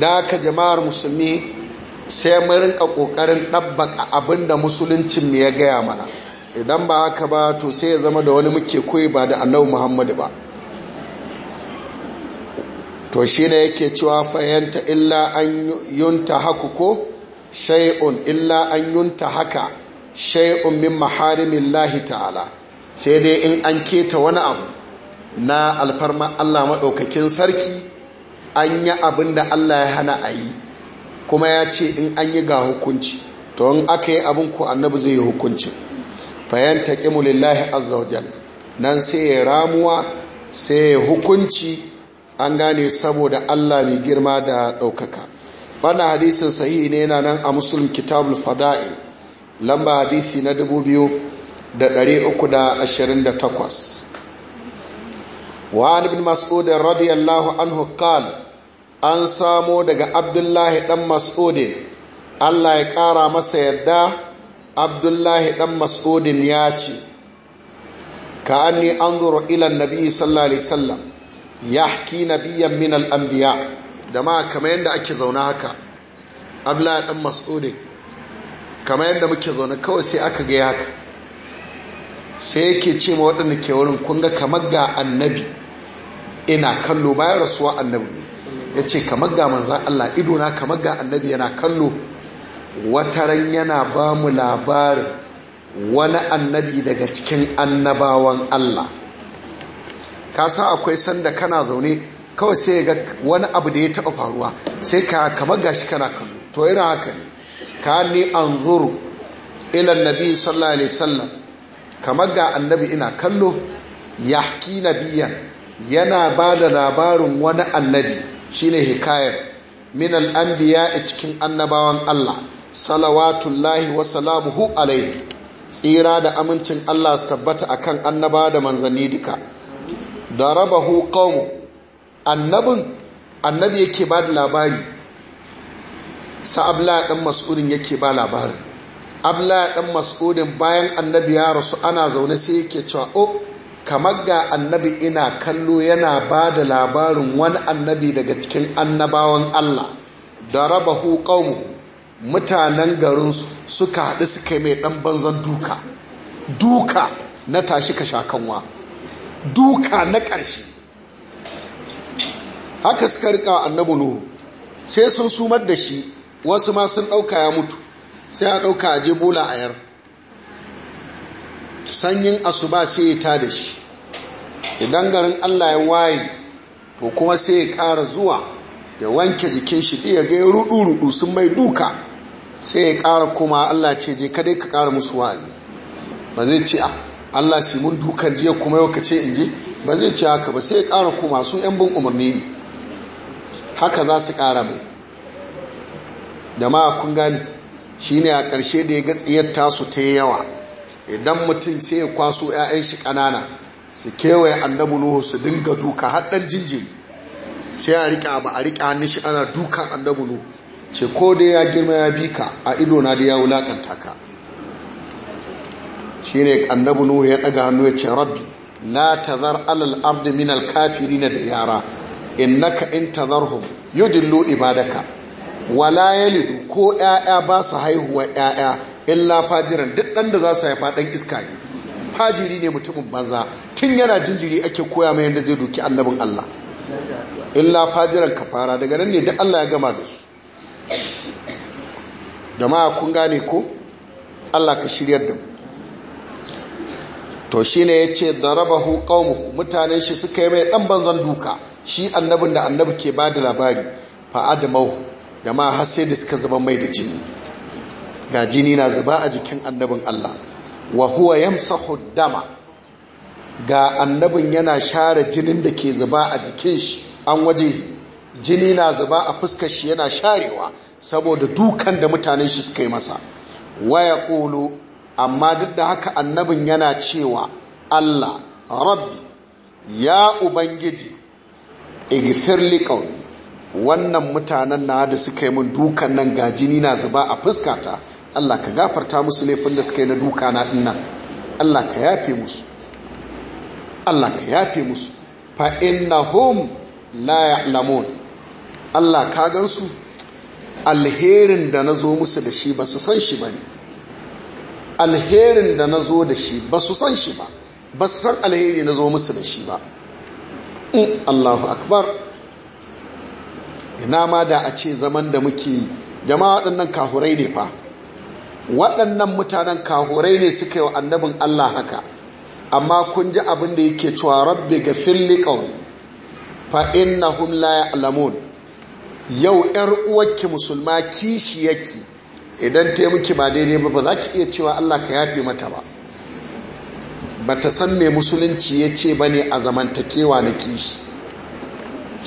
A: da ka jama'ar musulmi sai mun rinka kokarin dabbaka abinda musuluncin mu ya gaya mana idan ba haka ba to sai ya zama da wani muke koyi ba da annabi Muhammadu ba to shi ne yake cewa fayanta illa an yunta haku ko shay'un illa an yunta haka shay'un min maharimin lahi ta'ala sai dai in an keta wani abu na alfarma Allah maɗaukakin sarki an yi abin da Allah ya hana a yi kuma ya ce in an yi ga hukunci to in aka yi abin ku annabi zai yi hukuncin fayanta taƙimu lillahi azza nan sai ya ramuwa sai ya hukunci an gane saboda Allah mai girma da ɗaukaka bana hadisin sahihi ne yana nan a musulun kitabul fadain lamba hadisi na 2328 wa bin mas'udin radiyallahu anhu qala an samo daga abdullahi dan mas'udin Allah ya ƙara masa yadda abdullahi ɗan mas'udin ya ce ka an ni an zuru ilan nabi sallallahu alaihi sallam ya haki nabiyan min al'ambiya da ma kama yadda ake zaune haka abdullahi ɗan mas'udin kama yadda muke zaune kawai sai aka gaya haka sai yake ce ma waɗanda ke wurin kunga kamar ga annabi ina kallo bayan rasuwa annabi ya ce kamar ga manzan Allah idona kamar ga annabi yana kallo wataran yana ba mu labarin wani annabi daga cikin annabawan Allah kasa akwai sanda kana zaune kawai sai ga wani abu da ya taɓa faruwa sai ka kamar gashi kana kallo to irin haka ne ka ni an zuru ilan nabi sallallahu alaihi sallam kamar ga annabi ina kallo yahki nabiyan yana ba da labarin wani annabi shine hikayar min al'ambiya a cikin annabawan Allah salawatullahi wa hu alaihi tsira da amincin Allah su tabbata akan annaba da manzanni duka da raba qaumu annabin annabi yake ba da labari sa'abla ɗan mas'udin yake ba labarin abla dan mas'udin bayan annabi ya rasu ana zaune sai yake cewa o kamar ga annabi ina kallo yana ba da labarin wani annabi daga cikin annabawan Allah da raba qaumu mutanen garin suka haɗu suka mai ɗan banzan duka duka na tashi ka shakanwa duka na ƙarshe haka suka rika annabi nuhu sai sun sumar da shi wasu ma sun ɗauka ya mutu sai a ɗauka a je bola a yar sanyin asuba sai ya ta da shi idan garin allah ya waye to kuma sai ya ƙara zuwa ya wanke jikin shi ɗaya ga ya rudu-rudu sun mai duka sai ya ƙara kuma allah ce je kada ka ƙara musu wa'azi ba zai ce a ah, allah si mun dukan jiya kuma yau ka ce in je ba zai ce haka ba sai ya ƙara kuma su 'yan bin umarni ne haka za su ƙara mai da ma kun gani shine a ƙarshe da ya ga tsiyar tasu ta yi yawa idan mutum sai ya kwaso 'ya'yan shi ƙanana su kewaye annabi nuhu su dinga duka haɗɗan jinjiri sai a riƙa ba a riƙa hannun shi ana dukan annabi nuhu ce ko dai ya girma ya bi ka a ido na da ya wulaƙanta ka Shi annabi nuhu ya ɗaga hannu ya ce rabbi la tazar alal ardi min al na da yara innaka in tazarhum yudillu ibadaka wala yalidu ko ƴaƴa ba su haihuwa ƴaƴa illa fajiran duk ɗan da za su haifa ɗan iska ne fajiri ne mutumin banza tun yana jinjiri ake koya mai yadda zai doki annabin Allah illa fajiran kafara daga nan ne duk Allah ya gama da su jama'a kun gane ko Allah ka shiryar da mu to shine yace darabahu qaumuhu mutanen shi suka yi mai dan banzan duka shi annabin da annabi ke ba da labari fa adamau jama har sai da suka zuba mai da jini ga jini na zuba a jikin annabin Allah wa huwa yamsahu dama ga annabin yana share jinin da ke zuba a jikin shi an waje jini na zuba a fuskar shi yana sharewa saboda dukan da mutanen shi suka yi masa waya kulu amma duk da haka annabin yana cewa Allah rabbi ya ubangiji igfirli li wannan mutanen na da suka yi min dukan nan gajini na zuba a fuskata Allah ka gafarta musu laifin da suka yi na duka na dinnan Allah ka yafe musu Allah ka yafe musu fa innahum la ya'lamun Allah ka gansu alherin da nazo musu da shi ba su san shi bane alherin da nazo da shi ba su san shi ba ba su san alheri nazo musu da shi ba mm, Allahu akbar ina ma da a ce zaman da muke jama'a waɗannan kahurai ne fa waɗannan mutanen kahurai ne suka yi wa annabin Allah haka amma kun ji abin da yake cewa rabbi ga filliƙon fa innahum la ya'lamun yau yar uwarki musulma kishi yake idan ta muke ba daidai ba ba za ki iya cewa Allah ka yafe mata ba ba ta san mai musulunci ya ce ba ne a zamantakewa na kishi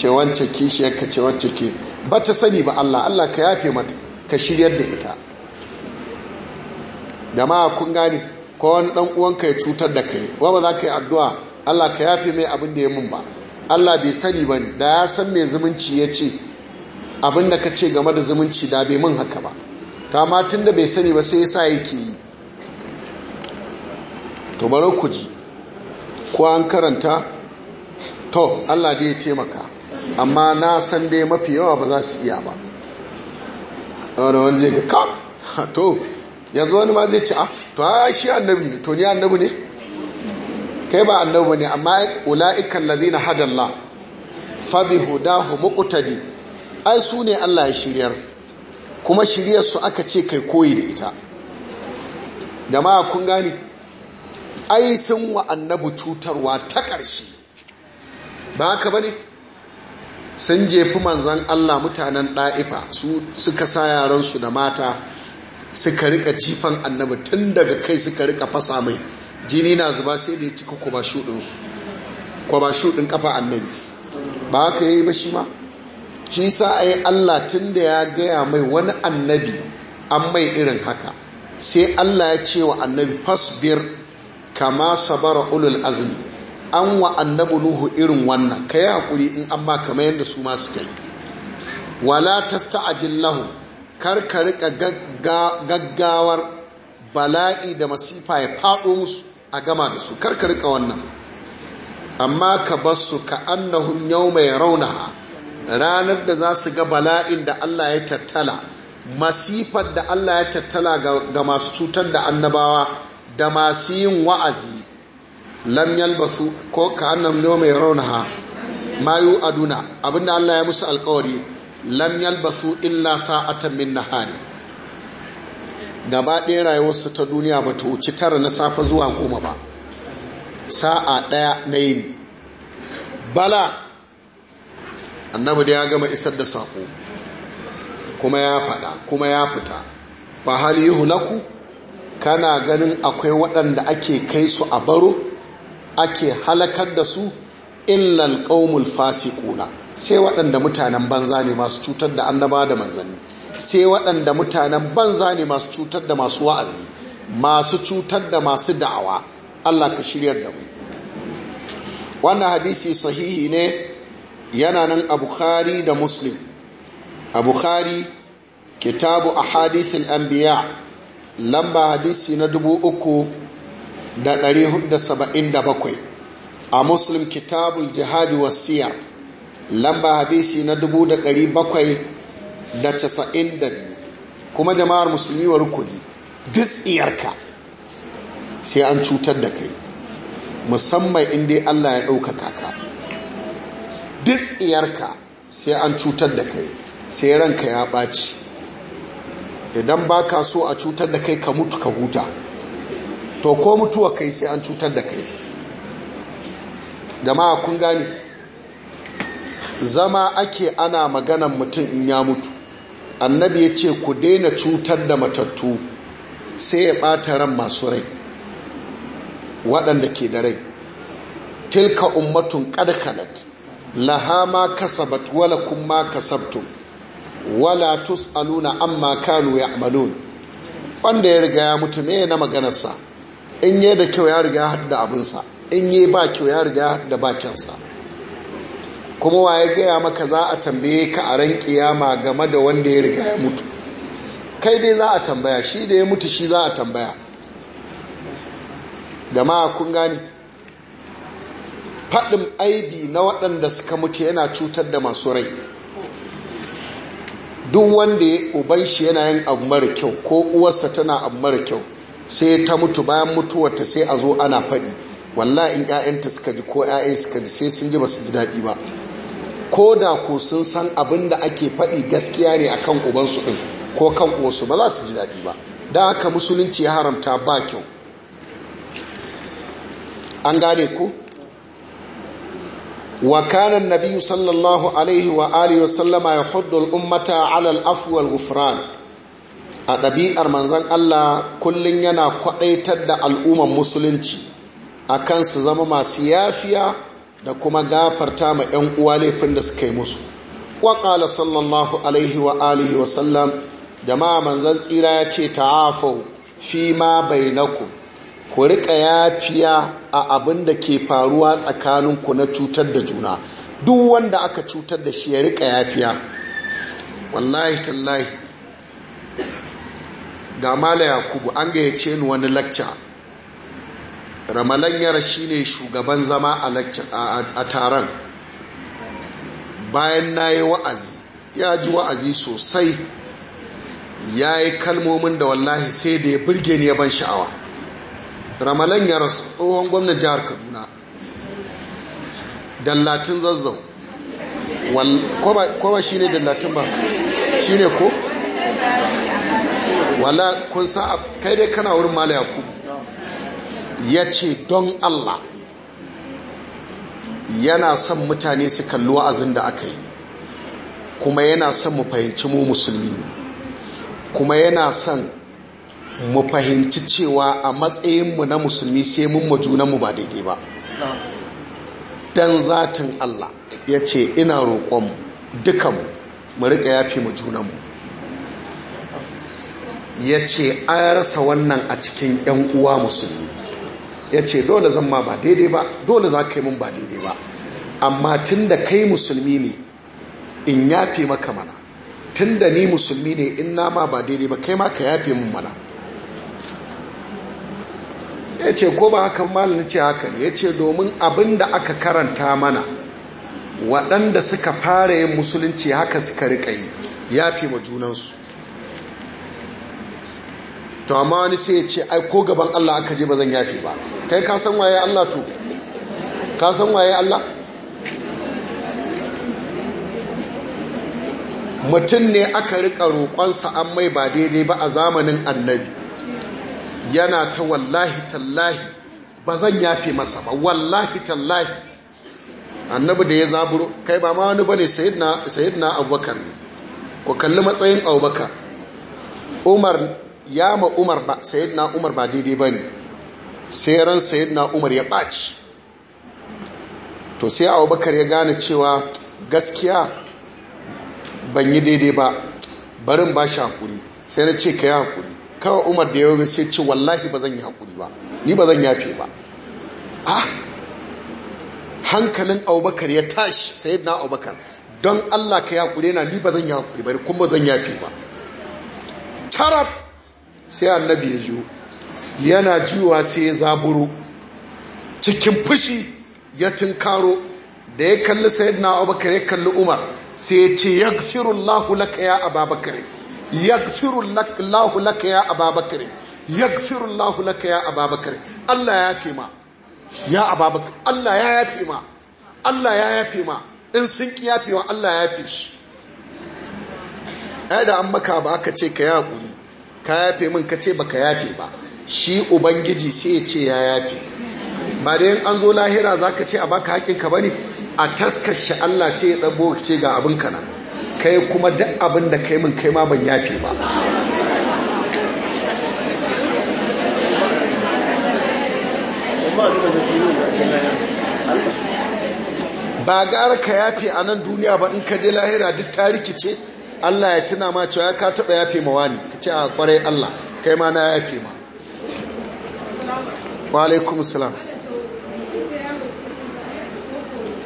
A: ce wance kishiyar ka ce wance ke ba ta sani ba Allah Allah ka yafe mata ka shiryar da ita da ma kun gane ko wani dan uwanka ya cutar da kai wa ba za ka yi addu'a Allah ka yafe mai abin da ya mun ba Allah bai sani ba da ya san mai zumunci ya ce abin da ka ce game da zumunci da bai mun haka ba ta ma tun da bai sani ba sai ya sa yake yi to bari ku ji ko an karanta to Allah dai ya taimaka amma na san dai mafi yawa ba za su iya ba wani wani zai ga kam to yanzu wani ma zai ci a ah, to a shi annabi ne to ni annabi ne kai ba annabi ne amma ula'ikan lazina hadalla fabi hudahu muqtadi ai su ne Allah ya shiryar kuma shiryar su aka ce kai koyi da ita jama'a kun gani ai sun wa annabi cutarwa ta ƙarshe ba haka bane sun jefi manzan Allah mutanen ɗa'ifa su suka sa yaransu da mata suka rika jifan annabi tun daga kai suka rika fasa mai jini na zuba sai da ya cika kwabashu ɗin kafa annabi ba haka yi ba shi ma shi sa a yi Allah tun da ya gaya mai wani annabi an mai irin haka sai Allah ya ce wa annabi fasbir kama sabara ulul azmi an wa annabu nuhu irin wannan ka yi haƙuri in an ma kamar yadda su ma suka yi wala ta sta'ajin lahu riƙa gaggawar bala'i da masifa ya faɗo musu a gama da su riƙa wannan amma ka su ka annahu yau mai rauna ranar da za su ga bala'in da Allah ya tattala masifar da Allah ya tattala ga masu cutar da annabawa da masu yin wa'azi lam yalbasu ko ka annam lo mai mayu aduna abinda Allah ya musu alkawari lam yalbasu illa sa'atan min nahari gaba ɗaya rayuwarsu ta duniya ba ta wuce tara na safe zuwa goma ba sa'a ɗaya na yin bala annabi da ya gama isar da saƙo kuma ya faɗa kuma ya fita ba hali yi hulaku kana ganin akwai waɗanda ake kai su a baro ake halakar da su illal qaumul fasiquna sai waɗanda mutanen banza ne masu cutar da annaba da manzanni sai waɗanda mutanen banza ne masu cutar da masu wa'azi masu cutar da masu da'awa Allah ka shiryar da mu wannan hadisi sahihi ne yana nan a bukhari da muslim a bukhari kitabu a hadisin anbiya lamba hadisi na dubu uku da 477 a muslim kitabul jihadi wasiyar lamba hadisi na 792 kuma jama'ar musulmi wa rukuni iyarka sai an cutar da kai musamman inda Allah ya kaka duk iyarka sai an cutar da kai sai ranka ya ɓaci idan ba ka so a cutar da kai ka mutu ka huta to ko mutuwa kai sai an cutar da kai jama'a kun gane zama ake ana maganan mutum in ya mutu annabi ya ce ku daina cutar da matattu sai ya ɓata ran masu rai waɗanda ke da rai tilka ummatun ƙadkalat laha ma kasabat wala kuma kasabtum wala tus'aluna amma kanu ya'malun wanda ya riga ya mutu ne na maganarsa in yi da kyau ya riga da abinsa in yi ba kyau ya riga da bakinsa kuma wa ya gaya maka za a tambaye ka a ran kiyama game da wanda ya riga ya mutu kai dai za a tambaya shi da ya mutu shi za a tambaya da ma kun gani faɗin aibi na waɗanda suka mutu yana cutar da masu rai duk wanda uban shi yana yin abu mara kyau ko uwarsa tana abu mara kyau sai ta mutu bayan mutuwarta sai a zo ana faɗi walla in ‘ya'yanta suka ji ko ‘ya'yan suka ji sai sun ji basu ji daɗi ba ko da ko sun san abin da ake faɗi gaskiya ne a kan ubansu ɗin ko kan uwansu ba za su ji daɗi ba da haka musulunci ya haramta ba kyau an gane ku wa kana nabi sallallahu alaihi wa alihi wa sallama ya hudu ummata ala al-afwa a ɗabi'ar manzan Allah kullum yana kwaɗaitar da al'umman musulunci a kan su zama masu yafiya da kuma gafarta ma 'yan uwa laifin da suka yi musu waƙala sallallahu alaihi wa alihi wa sallam jama'a manzan tsira ya ce ta'afau fi ma bainaku ku riƙa yafiya a abin da ke faruwa tsakaninku na cutar da juna duk wanda aka cutar da shi ya riƙa yafiya wallahi tallahi ga mala yakubu an gayyace ni wani lacca ramalan yara ne shugaban zama a taron bayan na yi wa'azi ya ji wa'azi sosai ya yi kalmomin da wallahi sai da ya birge ni ya ban sha'awa ramalan ya tsohon gwamnan jihar kaduna dallatin zazzau kwaba shi ne dallatin ba shi ne ko wala kun sa kai dai kana wurin mala yakub ya ce don allah yana son mutane su kalli wa'azin da aka yi kuma yana son mu fahimci mu musulmi kuma yana son mu fahimci cewa a matsayinmu na musulmi sai mun mu junanmu ba daidai ba Don zatin allah ya ce ina roƙon dukanmu mu riƙa yafe mu junanmu ya ce an rasa wannan a cikin 'yan uwa musulmi ya ce dole zan ma ba daidai ba dole za ka yi mun ba daidai ba amma tun da kai musulmi ne in yafe maka mana tun da ni musulmi ne in na ma ba daidai ba kai ma ka yafe mun mana ya ce ko ba haka malin ce haka ne ya ce domin abin da aka karanta mana waɗanda suka fara yin musulunci haka suka riƙa yi fi ma junansu to amma wani sai ya ce ai ko gaban Allah aka je ba zan yafe ba kai ka san waye Allah to ka san waye Allah mutum ne aka rika roƙonsa an mai ba daidai ba a zamanin annabi yana ta wallahi tallahi ba zan yafe masa ba wallahi tallahi annabi da ya zaburo kai ba ma wani bane sayyidina abubakar ko kalli matsayin abubakar umar ya ma umar ba sayyidina umar ba daidai ba ne sai ran sayyidina umar ya ɓaci to sai abubakar ya gane cewa gaskiya ban yi daidai ba barin ba shi hakuri sai na ce ka yi hakuri kawai umar da yau sai ce wallahi ba zan yi hakuri ba ni ba zan yafe ba ah hankalin abubakar ya tashi sai na abubakar don allah ka yi hakuri na ni ba zan yi hakuri ba kuma zan yafe ba tarab sai annabi ya ji yana jiwa sai ya zaburo cikin fushi ya tinkaro da ya kalli sayyidina abubakar ya kalli umar sai ya ce yaghfirullahu laka ya ababakar yaghfirullahu laka ya ababakar yaghfirullahu laka ya ababakar Allah ya yafe ma ya ababakar Allah ya yafe ma Allah ya yafe ma in sun ki wa Allah ya yafe shi ai da an maka ba aka ce ka ya ka yafe min ka ce baka yafe ba shi ubangiji sai ya ce ya yafe ba da yin an zo lahira za ka ce a baka haƙinka ba ne a taskashi Allah sai ya ɗabo ce ga abin na kai kuma duk abin da kai min kai ma ban yafe ba ba gara ka yafe a nan duniya ba in ka je lahira duk ta rikice Allah ya tuna ma cewa ka taɓa yafe ma wani ka ce a kwarai Allah kai ma na yafe ma wa alaikum salam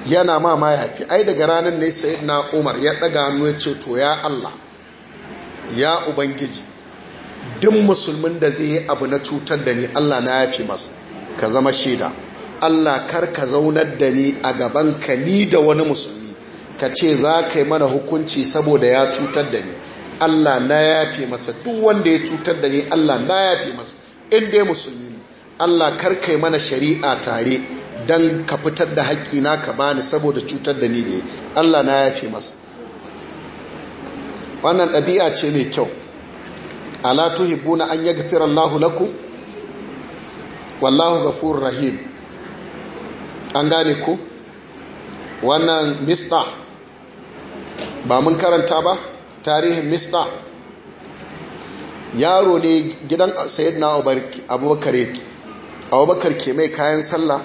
A: yana ma ma yafe. ai daga ranar ne na Umar ya daga hannu ya ce to ya Allah ya ubangiji duk musulmin da zai yi abu na cutar da ni Allah na yafe masa ka zama shaida Allah kar ka zaunar da ni a gaban ka ni da wani musulmi ka ce za ka yi mana hukunci saboda ya cutar da ni Allah na yafe masa duk wanda ya cutar da ni Allah na yafe masa inda ya musulmi ne Allah karka yi mana shari'a tare don ka fitar da na ka bani saboda cutar da ni ne Allah na yafe masa wannan ɗabi'a ce mai kyau ala na an yaghfira Allahu laku wallahu gafur rahim an gane ku wannan mista ba mun karanta ba tarihin mista yaro ne gidan sayyidina abubakar yake abubakar ke mai kayan sallah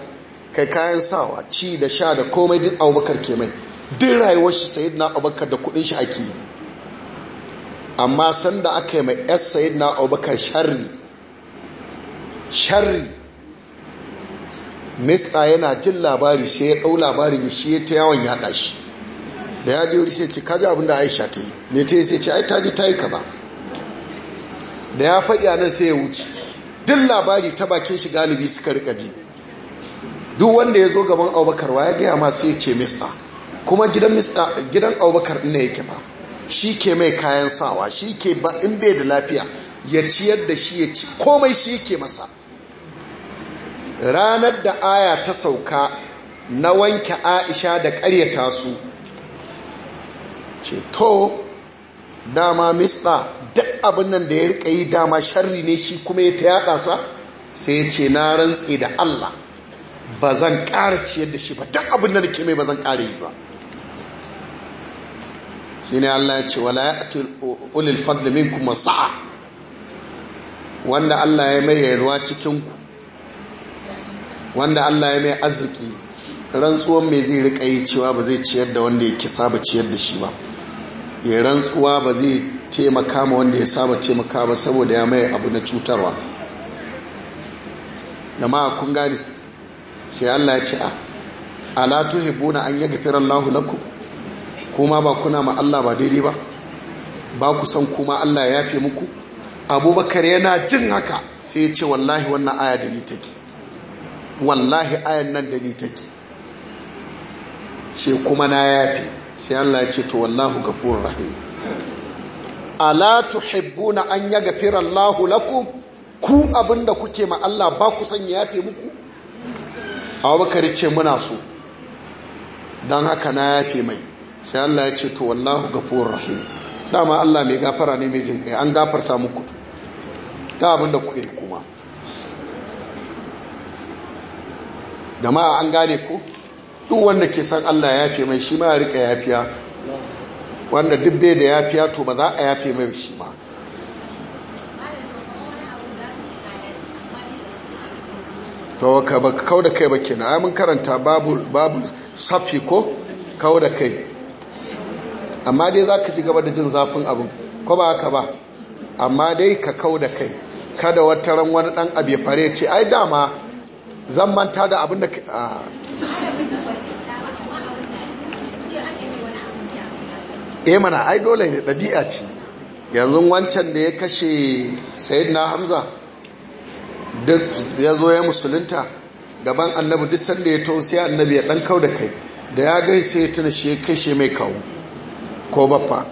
A: kai kayan sawa ci da sha da komai duk abubakar ke mai duk rayuwar shi sayyidina abubakar da kudin shi ake yi amma sanda aka yi mai yas sayyidina abubakar Shari. Shari. mista yana jin labari sai ya ɗau labarin shi ya ta yawon yaɗa shi da ya je wuri sai ce kaji abinda aisha ta yi ne ta yi sai ce ai ta ji ta yi kaza da ya faɗi a nan sai ya wuce duk labari ta bakin shi galibi suka rika ji duk wanda ya zo gaban abubakar wa ya gaya ma sai ce mista kuma gidan mista gidan abubakar ina yake ba shi ke mai kayan sawa shi ke ba in bai da lafiya ya ciyar da shi ya ci komai shi ke masa ranar da aya ta sauka na wanke aisha da karyata su ce to dama mista duk abinnan nan da ya rika yi dama sharri ne shi kuma ya ta yaɗa sa sai ya ce na rantse da Allah ba zan ƙara ciyar da shi ba duk abinnan da ke mai ba zan ƙara yi ba ne Allah ya ce wala ya ya'ti ulil fadli kuma sa'a wanda Allah ya mai yarwa cikin ku wanda Allah ya mai arziki rantsuwan mai zai rika yi cewa ba zai ciyar da wanda ya kisa ba ciyar da shi ba ya rantsuwa ba zai taimaka ma wanda ya saba taimaka ba saboda ya mai abu na cutarwa jama'a kun ne. sai Allah ya ce a ala tuhibbuna an yaghfira Allahu lahulaku kuma ba kuna ma Allah ba daidai ba ba ku san kuma Allah ya yafe muku abubakar yana jin haka sai ya ce wallahi wannan aya da ni take wallahi ayan nan da ni take ce kuma na yafe sai Allah ya ce to wallahu ghafurur rahim ala tuhibbuna an yaghfira Allahu lakum ku abinda kuke ma Allah ba ku san ya yafe muku Abubakar ce muna so dan haka na yafe mai sai Allah ya ce to wallahu ghafurur rahim dama Allah mai gafara ne mai jin kai an gafarta muku Ga abinda kuke kuma jama'a an gane ku duk wanda ke san Allah ya fi mai shi ma ya fiya yafiya wanda duk dai da yafiya to ba za a fi mai shi ma to ka ba kau da kai ba ke na amin karanta babu safi ko kau da kai amma dai za ka ci gaba da jin zafin abin ko ba haka ba amma dai ka kau da kai kada wata ran wani dan abu ya fare ce ai dama zan manta da abin da a e mana ai dole ne ɗabi'a ce yanzu wancan da ya kashe sayid na hamza duk ya zo ya musulunta gaban annabi duk sanda ya tausi annabi ya ɗan kau da kai da ya gai sai ya tuna shi kashe mai kawo ko baffa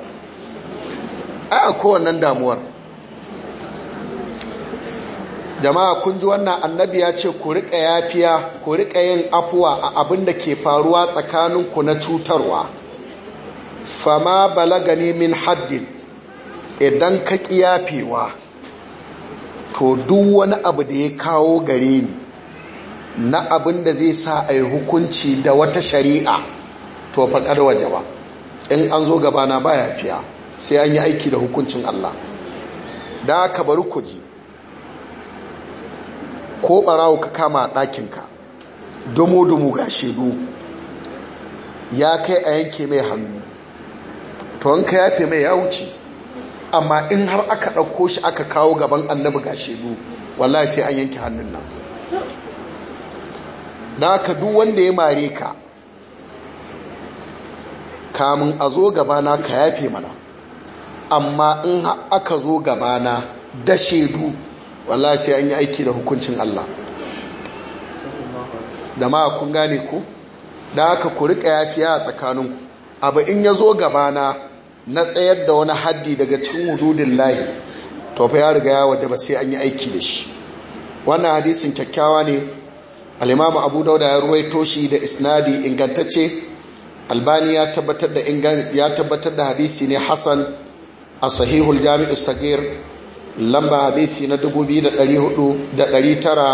A: a kowannan damuwar jama'a kun ji wannan annabi ya ce ku riƙa yafiya ku riƙa yin afuwa a abin da ke faruwa tsakaninku na cutarwa fama balagani min haddin idan ka kiyafewa to duk wani abu da ya kawo gare ni na abin da zai sa a hukunci da wata shari'a to faƙar waje ba in an zo gabana baya fiya sai an yi aiki da hukuncin Allah da ka bari kuji ko ɓarawo ka kama a ɗakinka domo-domo ga shedu ya kai a yanke mai hannu to an ka yafe mai ya wuce amma in har aka ɗauko shi aka kawo gaban annabi ga shedu wallahi sai an yanke hannun nan na ka duk wanda ya mare ka kamun a zo gabana ka yafe mana amma in aka zo gabana da shedu wallahi sai an yi aiki da hukuncin Allah da ma kun gane ku da aka ku yafiya a tsakaninku abu in ya zo gabana na tsayar da wani haddi daga cikin hududin lahi to fa ya riga ya waje ba sai an yi aiki da shi wannan hadisin kyakkyawa ne alimamu abu dauda ya ruwaito shi da isnadi ingantacce albani ya tabbatar da ya tabbatar da hadisi ne hasan a sahihul jami'u saghir lamba hadisi na da 954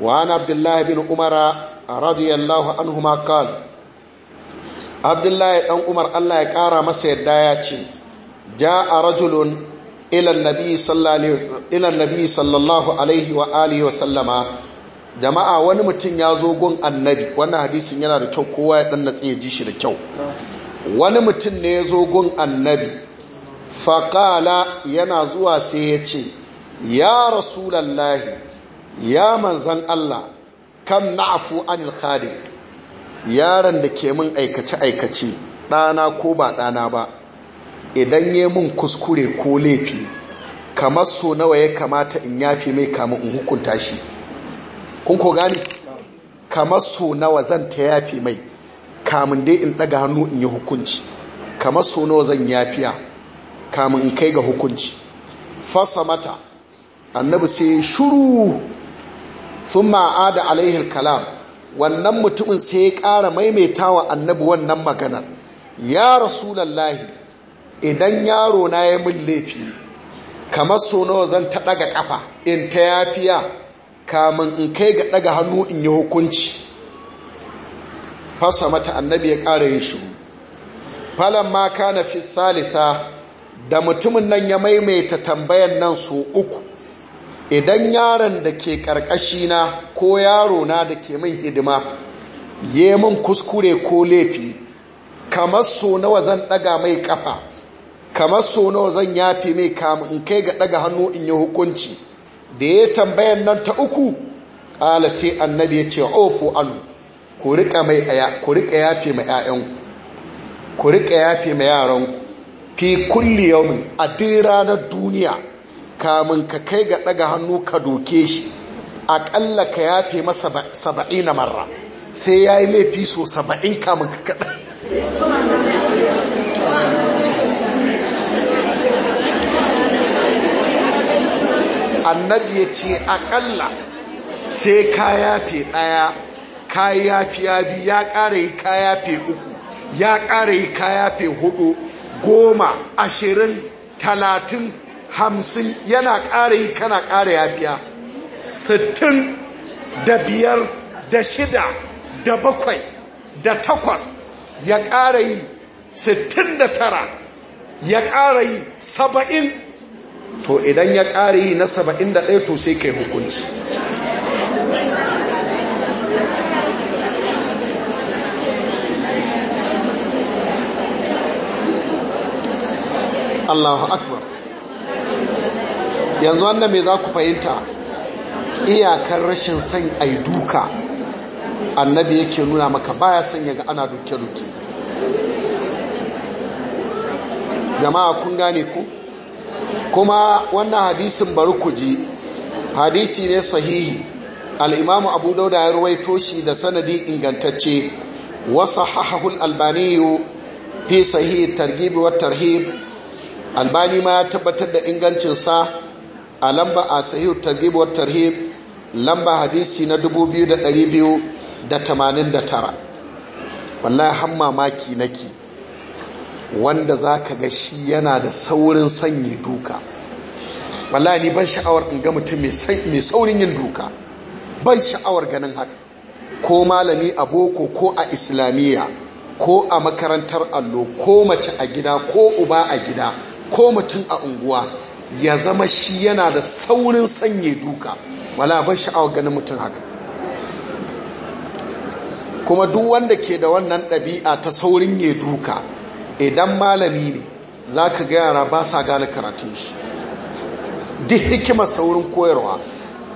A: wa an abdullahi bin umara radiyallahu anhu ma qala abdullahi dan umar allah ya kara masa yadda ya ce ja a rajulun ilan nabi sallallahu alaihi wa alihi wa sallama jama'a wani mutum ya zo gun annabi wani hadisin yana da kyau kowa ya dan natsi ya ji shi da kyau wani mutum ne ya zo gun annabi faƙala yana zuwa sai ya ce ya rasulallahi ya manzan Allah kan na'afu anil khadim yaron da ke min aikace-aikace ɗana ko ba ɗana ba idan ya min kuskure ko laifi kamar so nawa ya kamata in yafi mai kamun in hukunta shi kun ko gani kamar so nawa zan ta yafi mai kamun dai in ɗaga hannu in yi hukunci kamar so nawa zan yafiya kamun in kai ga hukunci fasa mata annabi sai shuru sun ma'ada alaihin kalam wannan mutumin sai ya ƙara wa annabi wannan maganar ya rasulallahi idan yaro na ya mun laifi kamar so nawa zan ta ɗaga ƙafa in ta yafiya kamun in kai ga ɗaga hannu in yi hukunci fasa mata annabi ya ƙara yin shiru falon maka na fi salisa da mutumin nan ya maimaita tambayan nan su uku idan yaron da ke ƙarƙashina ko yaro na da ke min hidima ya min kuskure ko laifi kamar so nawa zan daga mai kafa kamar so nawa zan yafe mai kamun in kai ga daga hannu in yi hukunci da ya tambayan nan ta uku ƙala sai annabi ya ce ofo anu ku riƙa yafe mai 'ya'yanku ku riƙa yafe ma yaranku fi kulli yawmin a duk ranar duniya kamun ka kai ga daga hannu ka doke shi aƙalla ka yafe masa saba'i na marra sai ya yi laifi so saba'in kamun ka kaɗa annabi ya ce aƙalla sai ka yafe ɗaya ka yafe ya bi ya ƙara yi ka yafe uku ya ƙara yi ka yafe hudu goma ashirin talatin hamsin yana ƙara yi kana ƙara yafiya sittin da biyar da shida da bakwai da takwas ya ƙara yi sittin da tara ya ƙara yi saba'in to idan ya ƙara yi na saba'in da ɗaya to sai kai hukunci Allahu Akbar yanzu wannan mai za ku fahimta iyakar rashin son ai duka annabi yake nuna maka baya son yaga ana duke-duke jama'a kun gane ku kuma wannan hadisin bari ku ji hadisi ne sahihi al'imamu abu dauda ya ruwaito shi da sanadi ingantacce wasu hahahul albaniyu fi sahihi targibi wa tarhib albani ma ya tabbatar da ingancinsa a lamba a sahihu targhib wa tarhib lamba hadisi na 2289 wallahi hamma maki nake wanda zaka ga shi yana da saurin sanyi duka wallahi ni ban sha'awar in ga mutum mai saurin yin duka ban sha'awar ganin haka ko malami a boko ko a islamiyya ko a makarantar allo ko mace a gida ko uba a gida ko mutum a unguwa ya zama shi yana da saurin sanye duka wala ban sha'awar ganin mutum haka kuma duk wanda ke da wannan ɗabi'a ta saurin ya duka idan malami ne za ka ga yara ba sa gane karatun shi duk hikimar saurin koyarwa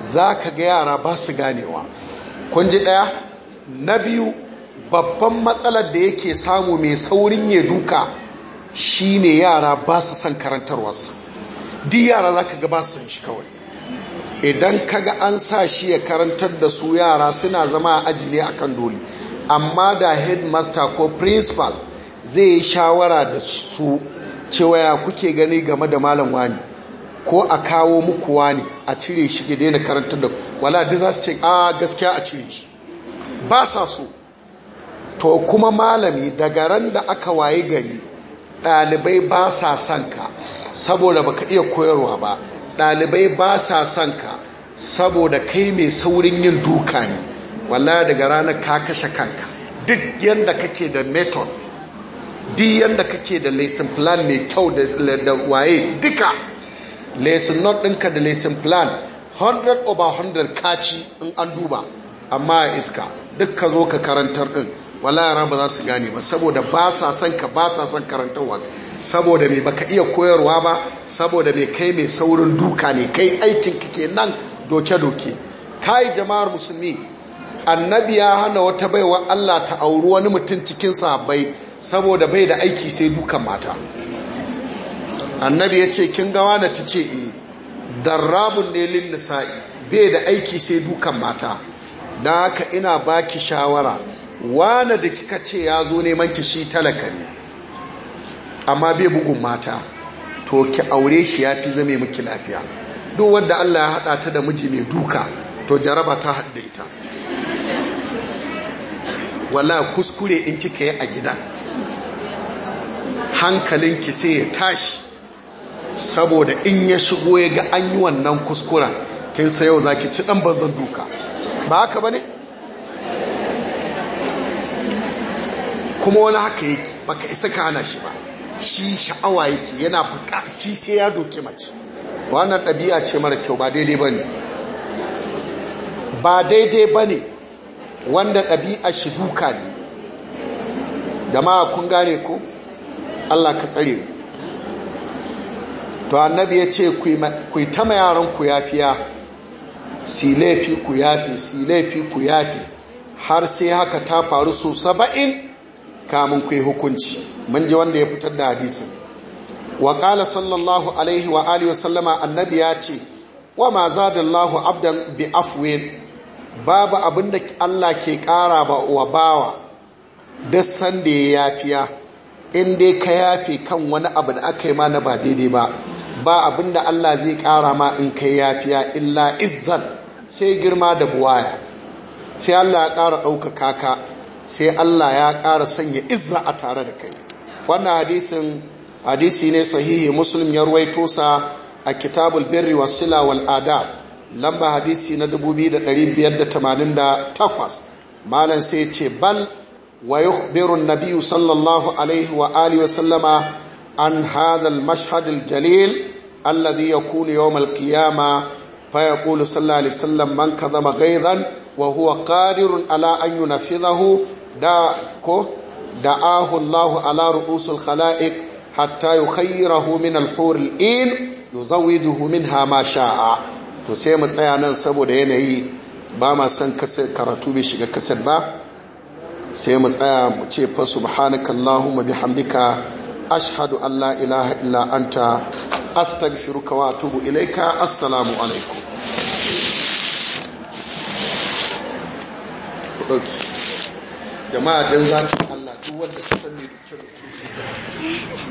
A: za ka ga yara ba su ganewa kun ji ɗaya na biyu babban matsalar da yake samu mai saurin ya duka shi ne yara ba su son karantarwarsa di yara za ka gaba san shi kawai idan kaga an sa shi ya karantar da su yara suna zama a aji ne akan doli amma da headmaster ko principal zai yi shawara da su cewa ya kuke gani game da malam wani ko a kawo muku wani a cire shi ke daina karantar da wala da za su ce a gaskiya a cire shi ba sa so to kuma malami daga ran da aka waye gari ɗalibai ba sa son ka saboda baka iya koyarwa ba ɗalibai ba sa son ka saboda kai mai saurin yin duka ne wallahi daga ranar ka kashe kanka duk yadda kake da method duk yadda kake da lesson plan mai kyau da waye duka lesson note ɗinka da lesson plan 100 over 100 kaci in an duba amma iska duk ka zo ka karantar ɗin wala yara ba za su gane ba saboda ba sa son ka ba sa son karantarwa saboda mai baka iya koyarwa ba saboda mai kai mai saurin duka ne kai aikin kake nan doke-doke kai jama'ar musulmi annabi ya hana wata baiwa Allah ta auri wani mutum cikin sabai saboda bai da aiki sai dukan mata annabi ya ce kin gawa na ta ce e darrabun ne nisa'i bai da aiki sai dukan mata da haka ina baki shawara wane da kika ce ya zo neman ki shi talaka ne amma bai bugun mata to ki aure shi ya fi zame miki lafiya duk wadda Allah ya haɗa ta da miji mai duka to jaraba ta haɗa ita wala kuskure in kika yi a gida hankalinki sai ya tashi saboda in ya shigo ya ga an yi wannan kuskuren kin yau za ki ci dan banzan duka ba haka ba ne kuma wani haka yake baka isa ka hana shi ba shi sha'awa yake yana bukaci sai ya doke mace wannan ɗabi'a ce mara kyau ba daidai ba ne ba daidai ba ne wanda ɗabi'a shi duka ne Da ma kun gane ko allah ka tsare to annabi ya ce ku yi ta ma yaranku yafiya si laifi ku yafe si laifi ku yafe har sai haka ta faru so saba'in kamun ku yi hukunci mun ji wanda ya fitar da hadisi. wa qala sallallahu alaihi wa alihi wa sallama annabi ya ce wa ma zadallahu abdan bi afwin babu abinda Allah ke kara ba wa bawa duk sanda ya yafiya in dai ka yafe kan wani abu da aka yi ma na ba daidai ba ba abinda Allah zai kara ma in kai yafiya illa izzan sai girma da buwaya sai Allah ya ƙara ɗaukaka ka sai Allah ya ƙara sanya izza a tare da kai wannan hadisin hadisi ne sahihi muslim ya ruwaito sa a kitabul birri wasila wal adab lamba hadisi na 2588 malam sai ce bal wa yukhbiru an-nabiy sallallahu alaihi wa alihi wa sallama an hadha al-mashhad al-jalil alladhi yakunu yawm al-qiyamah فيقول صلى الله عليه وسلم من كذب غيظا وهو قادر على ان ينفذه دعاه دعاه الله على رؤوس الخلائق حتى يخيره من الحور الان يزوجه منها ما شاء to sai mu tsaya nan saboda yanayi ba ma son karatu bai shiga kasar ba sai mu tsaya mu ce fa subhanakallahumma bihamdika ashhadu an la ilaha illa anta astaghfiruka wa atubu ilaika assalamu alaikum jama'a dan zaki Allah duk wanda su san duk kyau